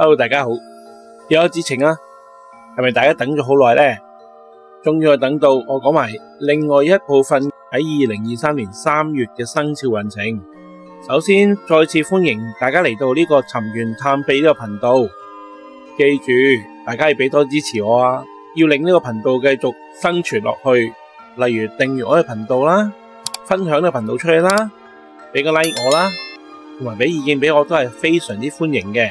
hello，大家好，又係我智澄啊，係咪大家等咗好耐呢？仲要等到我講埋另外一部分喺二零二三年三月嘅生肖運程。首先，再次歡迎大家嚟到呢個尋緣探秘呢個頻道。記住，大家要俾多支持我啊，要令呢個頻道繼續生存落去，例如訂閱我嘅頻道啦，分享呢個頻道出去啦，俾個 like 我啦，同埋俾意見俾我都係非常之歡迎嘅。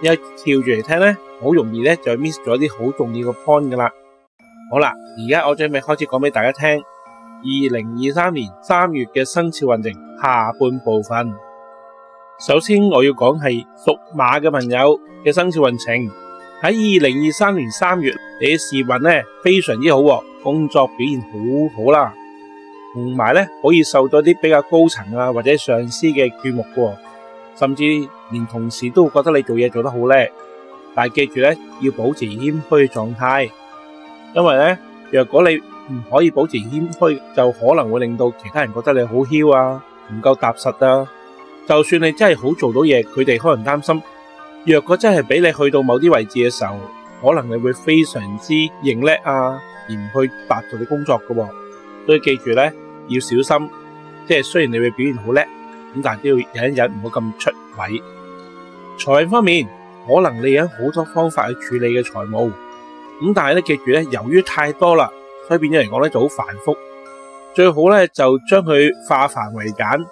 有跳住嚟聽呢好容易咧就 miss 咗啲好重要嘅 point 㗎喇。好啦，而家我準備開始講俾大家聽，二零二三年三月嘅生肖運程下半部分。首先我要講係屬馬嘅朋友嘅生肖運程喺二零二三年三月，你嘅事業運咧非常之好、啊，工作表現很好好、啊、啦，同埋呢可以受到啲比較高層啊或者上司嘅注目嘅、啊。甚至連同事都會覺得你做嘢做得好叻，但係記住咧，要保持謙虛狀態，因為咧，若果你唔可以保持謙虛，就可能會令到其他人覺得你好囂啊，唔夠踏實啊。就算你真係好做到嘢，佢哋可能擔心，若果真係俾你去到某啲位置嘅時候，可能你會非常之認叻啊，而唔去踏實地工作嘅。所以記住咧，要小心，即係雖然你會表現好叻。咁但係都要忍一忍，唔好咁出位。財運方面可能你有好多方法去處理嘅財務，咁但係咧記住咧，由於太多啦，所以變咗嚟講咧就好繁複。最好咧就將佢化繁為簡。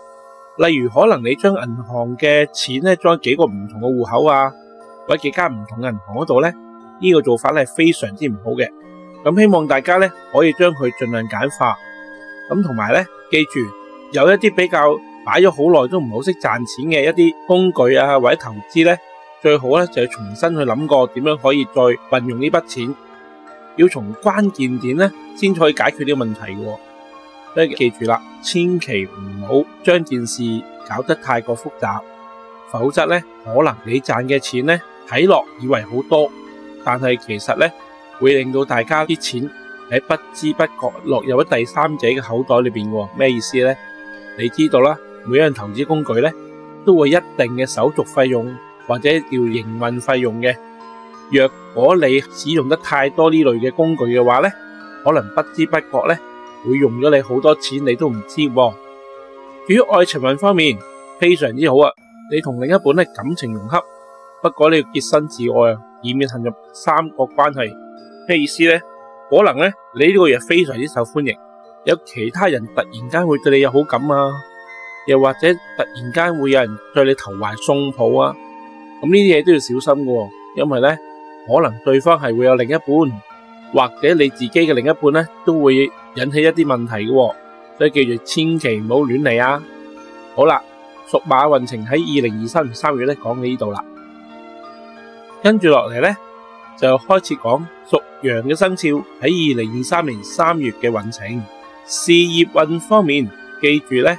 例如可能你將銀行嘅錢咧裝喺幾個唔同嘅戶口啊，或者幾間唔同嘅銀行嗰度咧，呢個做法咧係非常之唔好嘅。咁希望大家咧可以將佢盡量簡化。咁同埋咧記住有一啲比較。買咗好耐都唔好識賺錢嘅一啲工具啊，或者投資咧，最好咧就要重新去諗過點樣可以再運用呢筆錢，要從關鍵點咧先至可以解決呢個問題嘅。所以記住啦，千祈唔好將件事搞得太過複雜，否則咧可能你賺嘅錢咧睇落以為好多，但係其實咧會令到大家啲錢喺不知不覺落入咗第三者嘅口袋裏邊嘅。咩意思咧？你知道啦。每一樣投資工具咧，都會一定嘅手續費用或者叫營運費用嘅。若果你使用得太多呢類嘅工具嘅話咧，可能不知不覺咧會用咗你好多錢，你都唔知。至於愛情運方面，非常之好啊！你同另一半咧感情融洽，不過你要潔身自愛啊，以免陷入三角關係。咩意思咧？可能咧你呢個月非常之受歡迎，有其他人突然間會對你有好感啊。又或者突然間會有人對你投懷送抱啊，咁呢啲嘢都要小心噶，因為咧可能對方係會有另一半，或者你自己嘅另一半咧都會引起一啲問題嘅，所以記住千祈唔好亂嚟啊好啦，屬馬運程喺二零二三年三月咧講到呢度啦，跟住落嚟咧就開始講屬羊嘅生肖喺二零二三年三月嘅運程事業運方面，記住咧。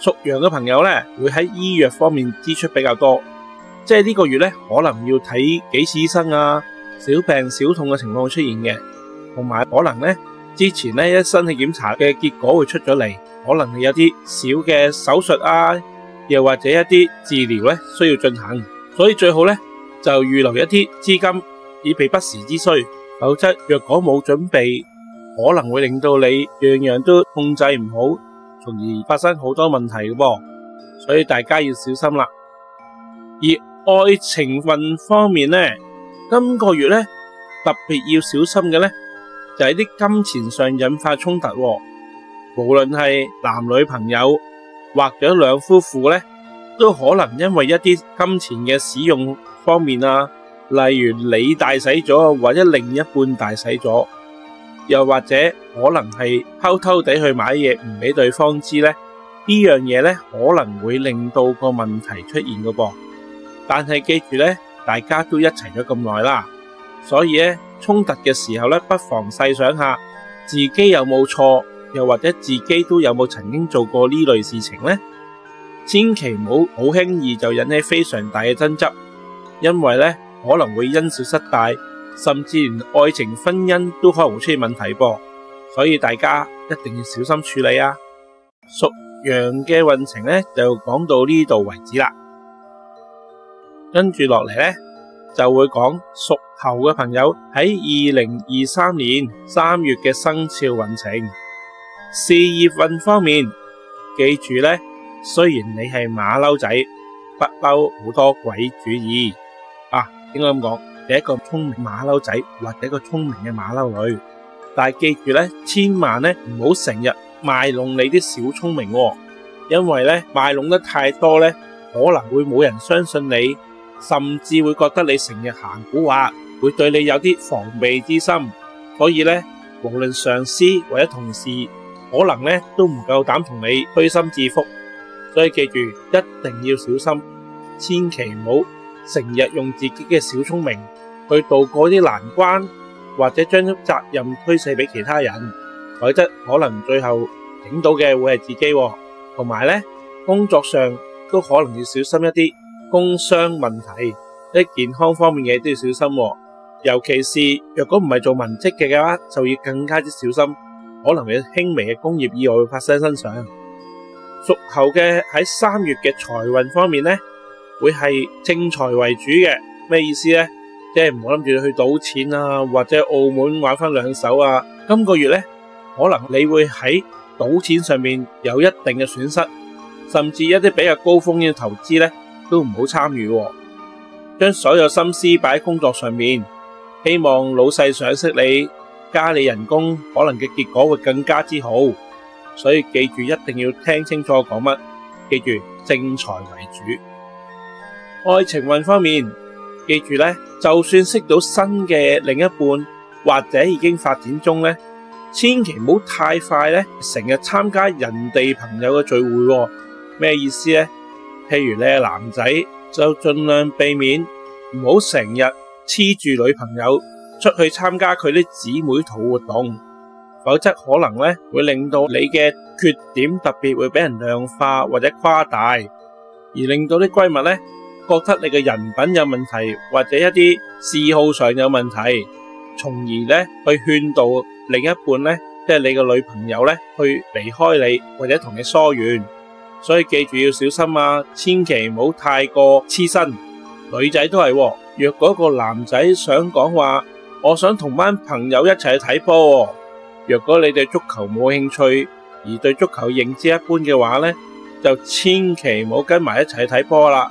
屬羊嘅朋友呢，會喺醫藥方面支出比較多，即係呢個月呢可能要睇幾次醫生啊，小病小痛嘅情況會出現嘅，同埋可能呢之前呢一身體檢查嘅結果會出咗嚟，可能有啲小嘅手術啊，又或者一啲治療呢需要進行，所以最好呢，就預留一啲資金以備不時之需，否則若果冇準備，可能會令到你樣樣都控制唔好。同時發生好多問題嘅噃，所以大家要小心啦。而愛情運方面呢，今個月呢特別要小心嘅，呢，就係啲金錢上引發衝突。無論係男女朋友或者兩夫婦呢，都可能因為一啲金錢嘅使用方面啊，例如你大使咗，或者另一半大使咗。又或者可能係偷偷地去買嘢，唔畀對方知呢。呢樣嘢呢可能會令到個問題出現㗎噃。但係記住呢，大家都一齊咗咁耐啦，所以呢，衝突嘅時候呢，不妨細想下自己有冇錯，又或者自己都有冇曾經做過呢類事情呢。千祈唔好好輕易就引起非常大嘅爭執，因為呢可能會因小失大。甚至連愛情、婚姻都可能會出現問題噃，所以大家一定要小心處理啊！屬羊嘅運程咧就講到呢度為止啦，跟住落嚟咧就會講屬猴嘅朋友喺二零二三年三月嘅生肖運程。事業運方面，記住咧，雖然你係馬騮仔，不嬲好多鬼主意啊，應該咁講。你一個聰明馬騮仔或者一個聰明嘅馬騮女，但係記住咧，千萬咧唔好成日賣弄你啲小聰明，因為咧賣弄得太多咧，可能會冇人相信你，甚至會覺得你成日行古話，會對你有啲防備之心。所以咧，無論上司或者同事，可能咧都唔夠膽同你推心置腹。所以記住，一定要小心，千祈唔好成日用自己嘅小聰明。去渡過啲難關，或者將責任推卸俾其他人，否則可能最後頂到嘅會係自己。同埋咧，工作上都可能要小心一啲工傷問題，啲健康方面嘅都要小心。尤其是若果唔係做文職嘅嘅話，就要更加之小心，可能會輕微嘅工業意外會發生喺身上。屬猴嘅喺三月嘅財運方面咧，會係正財為主嘅，咩意思咧？即係唔好諗住去賭錢啊，或者澳門玩翻兩手啊。今個月咧，可能你會喺賭錢上面有一定嘅損失，甚至一啲比較高風險嘅投資咧，都唔好參與。將所有心思擺喺工作上面，希望老細賞識你，加你人工，可能嘅結果會更加之好。所以記住，一定要聽清楚講乜，記住正財為主。愛情運方面。記住咧，就算識到新嘅另一半或者已經發展中咧，千祈唔好太快咧，成日參加人哋朋友嘅聚會，咩意思咧？譬如你係男仔，就盡量避免唔好成日黐住女朋友出去參加佢啲姊妹淘活動，否則可能咧，會令到你嘅缺點特別會俾人量化或者誇大，而令到啲閨蜜咧。覺得你嘅人品有問題，或者一啲嗜好上有問題，從而呢去勸導另一半呢，即係你個女朋友呢去離開你或者同你疏遠。所以記住要小心啊，千祈唔好太過黐身。女仔都係喎，若果一個男仔想講話，我想同班朋友一齊去睇波。若果你對足球冇興趣而對足球認知一般嘅話呢，就千祈唔好跟埋一齊睇波啦。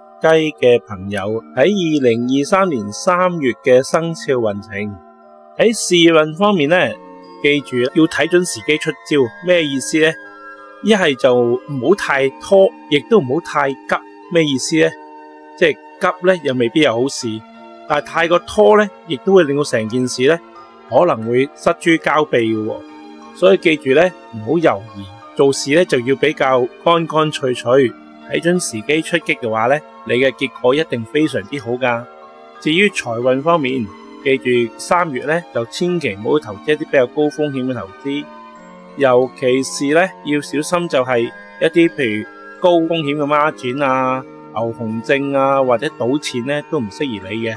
雞嘅朋友喺二零二三年三月嘅生肖運程，喺事運方面呢，記住要睇準時機出招，咩意思呢？一係就唔好太拖，亦都唔好太急，咩意思呢？即係急呢又未必有好事，但係太過拖呢，亦都會令到成件事呢可能會失諸交臂嘅。所以記住呢，唔好猶豫，做事呢就要比較乾乾脆脆。睇準時機出擊嘅話呢，你嘅結果一定非常之好㗎。至於財運方面，記住三月呢就千祈唔好去投資一啲比較高風險嘅投資，尤其是呢要小心就係一啲譬如高風險嘅孖展啊、牛熊證啊或者賭錢呢都唔適宜你嘅。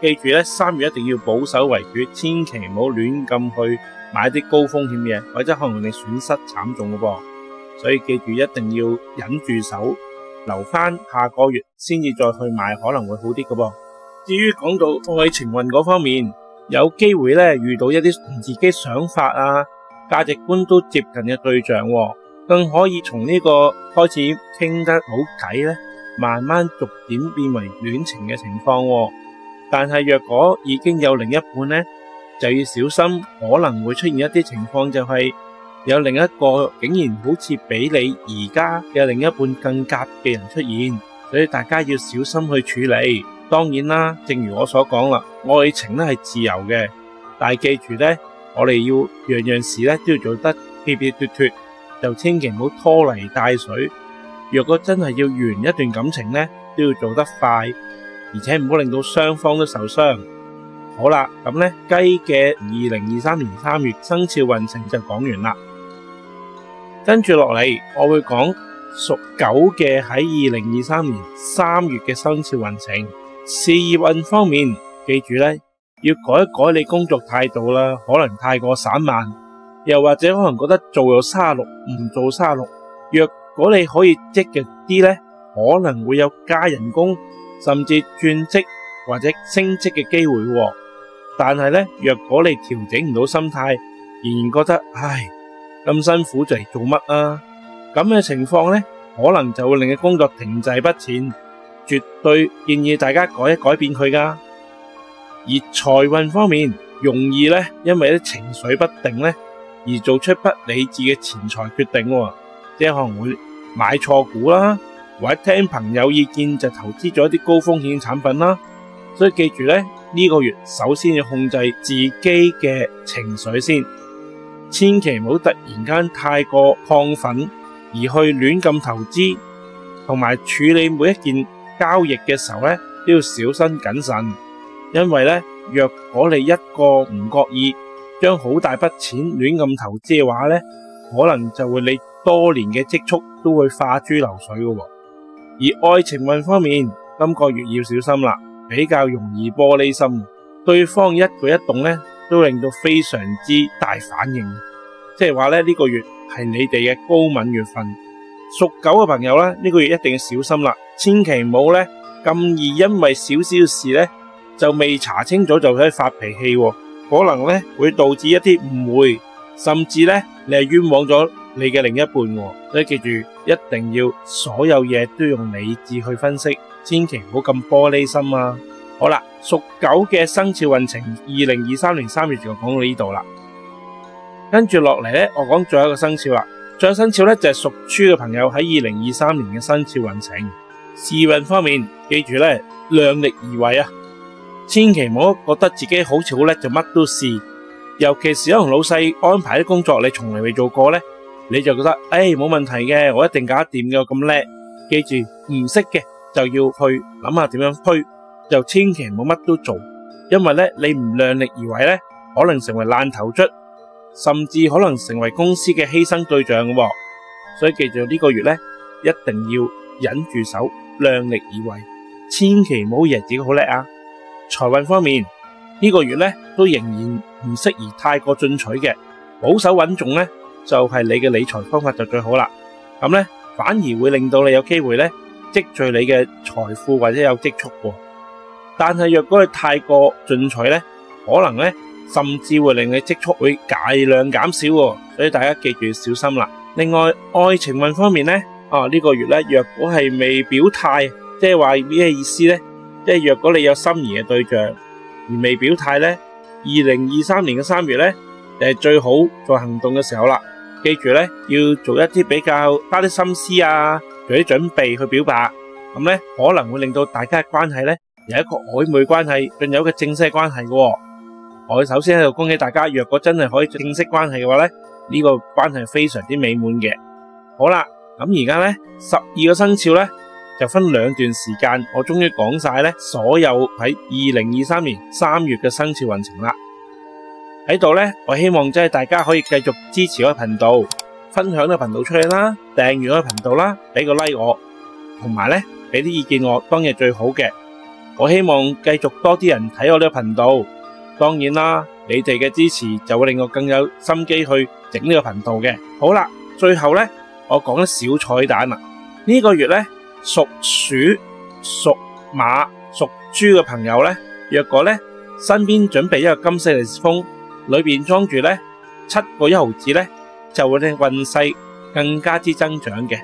記住呢，三月一定要保守為主，千祈唔好亂咁去買啲高風險嘢，或者可能你損失慘重㗎噃。所以記住一定要忍住手。留翻下個月先至再去買可能會好啲㗎噃。至於講到愛情運嗰方面，有機會咧遇到一啲同自己想法啊、價值觀都接近嘅對象，更可以從呢個開始傾得好偈咧，慢慢逐點變為戀情嘅情況。但係若果已經有另一半咧，就要小心可能會出現一啲情況、就是，就係。有另一個竟然好似比你而家嘅另一半更夾嘅人出現，所以大家要小心去處理。當然啦，正如我所講啦，愛情咧係自由嘅，但係記住呢，我哋要樣樣事都要做得撇撇脫脫，就千祈唔好拖泥帶水。若果真係要完一段感情呢，都要做得快，而且唔好令到雙方都受傷。好啦，咁咧雞嘅二零二三年三月生肖運程就講完啦。跟住落嚟，我會講屬狗嘅喺二零二三年三月嘅生肖運程。事業運方面，記住咧要改一改你工作態度啦，可能太過散漫，又或者可能覺得做咗卅六，唔做卅六。若果你可以積極啲咧，可能會有加人工，甚至轉職或者升職嘅機會喎。但係咧，若果你調整唔到心態，仍然覺得唉。咁辛苦就嚟做乜啊？咁嘅情況呢，可能就會令你工作停滯不前，絕對建議大家改一改變佢㗎。而財運方面，容易呢，因為啲情緒不定呢，而做出不理智嘅錢財決定啊，即係可能會買錯股啦啊，或者聽朋友意見就投資咗一啲高風險產品啦啊。所以記住呢，呢個月首先要控制自己嘅情緒先。千祈唔好突然間太過亢奮，而去亂咁投資，同埋處理每一件交易嘅時候咧，都要小心謹慎。因為咧，若果你一個唔覺意，將好大筆錢亂咁投資嘅話咧，可能就會你多年嘅積蓄都會化諸流水噶。而愛情運方面，今個月要小心啦，比較容易玻璃心，對方一舉一動咧。都令到非常之大反應，即係話咧，呢個月係你哋嘅高敏月份。屬狗嘅朋友咧，呢個月一定要小心啦，千祈唔好咧咁易，因為少少事咧就未查清楚就喺發脾氣喎，可能咧會導致一啲誤會，甚至咧你係冤枉咗你嘅另一半喎，所以記住一定要所有嘢都用理智去分析，千祈唔好咁玻璃心啊！好啦，屬狗嘅生肖運程，二零二三年三月就講到這裡，接下來呢度啦。跟住落嚟呢，我講最後一個生肖啦。講生肖呢就係、是、屬豬嘅朋友喺二零二三年嘅生肖運程。事運方面，記住呢，量力而為啊，千祈唔好覺得自己好超好叻就乜都試。尤其是可能老細安排啲工作，你從嚟未做過呢，你就覺得唉，冇、哎、問題嘅，我一定搞得掂嘅，我咁叻。記住唔識嘅就要去諗下點樣推。就千祈冇乜都做，因為咧，你唔量力而為咧，可能成為爛頭卒，甚至可能成為公司嘅犧牲對象。所以記住呢個月咧，一定要忍住手，量力而為，千祈唔好以為自己好叻啊！財運方面呢個月咧都仍然唔適宜太過進取嘅，保守穩重咧就係你嘅理財方法就最好啦。咁咧反而會令到你有機會咧積聚你嘅財富或者有積蓄。但係若果你太過進取呢，可能呢，甚至會令你積蓄會大量減少喎，所以大家記住要小心啦。另外愛情運方面呢，啊呢、這個月呢，若果係未表態，即係話咩意思呢？即係若果你有心儀嘅對象而未表態呢，二零二三年嘅三月呢，誒、就是、最好在行動嘅時候啦，記住呢，要做一啲比較花啲心思啊，做啲準備去表白，咁呢，可能會令到大家嘅關係呢。有一個曖昧關係，仲有一個正式關係嘅、哦。我首先喺度恭喜大家，若果真係可以正式關係嘅話咧，呢、這個關係非常之美滿嘅。好啦，咁而家呢，十二個生肖呢，就分兩段時間，我終於講晒咧所有喺二零二三年三月嘅生肖運程啦。喺度呢，我希望即係大家可以繼續支持我嘅頻道，分享我嘅頻道出嚟啦，訂閱我嘅頻道啦，俾個 like 我，同埋呢，俾啲意見我，當日最好嘅。我希望繼續多啲人睇我呢個頻道，當然啦，你哋嘅支持就會令我更有心機去整呢個頻道嘅。好啦，最後呢，我講啲小彩蛋啦。呢、這個月呢，屬鼠、屬馬、屬豬嘅朋友呢，若果呢，身邊準備一個金色嘅利是封，裏面裝住呢，七個一毫子呢，就會令運勢更加之增長嘅。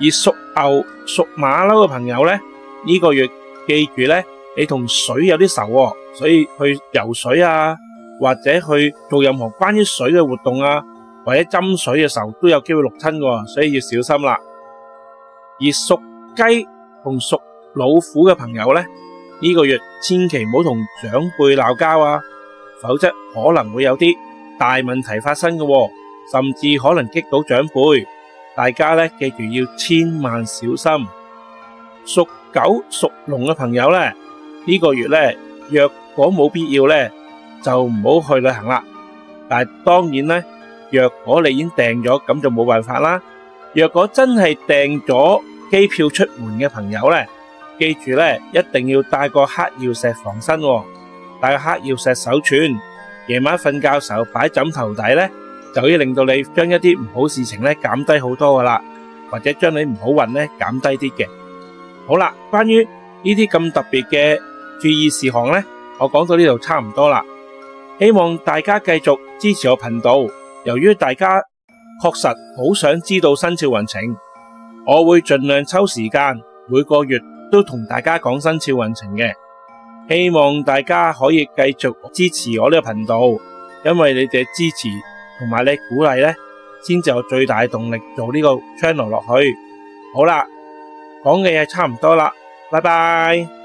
而屬牛、屬馬騮嘅朋友呢，呢、這個月。記住咧，你同水有啲仇喎，所以去游水啊，或者去做任何關於水嘅活動啊，或者斟水嘅時候都有機會淥親嘅，所以要小心啦。而屬雞同屬老虎嘅朋友咧，呢個月千祈唔好同長輩鬧交啊，否則可能會有啲大問題發生嘅喎，甚至可能激到長輩。大家咧，記住要千萬小心，屬。狗屬龍嘅朋友咧，呢個月咧，若果冇必要咧，就唔好去旅行啦。但係當然咧，若果你已經訂咗，咁就冇辦法啦。若果真係訂咗機票出門嘅朋友咧，記住咧，一定要帶個黑曜石防身喎，帶個黑曜石手串，夜晚瞓覺時候擺枕頭底咧，就會令到你將一啲唔好事情咧減低好多噶啦，或者將你唔好運咧減低啲嘅。好啦，關於呢啲咁特別嘅注意事項呢，我講到呢度差唔多啦。希望大家繼續支持我頻道。由於大家確實好想知道生肖運程，我會盡量抽時間每個月都同大家講生肖運程嘅。希望大家可以繼續支持我呢個頻道，因為你哋支持同埋你鼓勵呢，先至有最大動力做呢個 channel 落去。好啦。講嘅嘢差唔多啦，拜拜。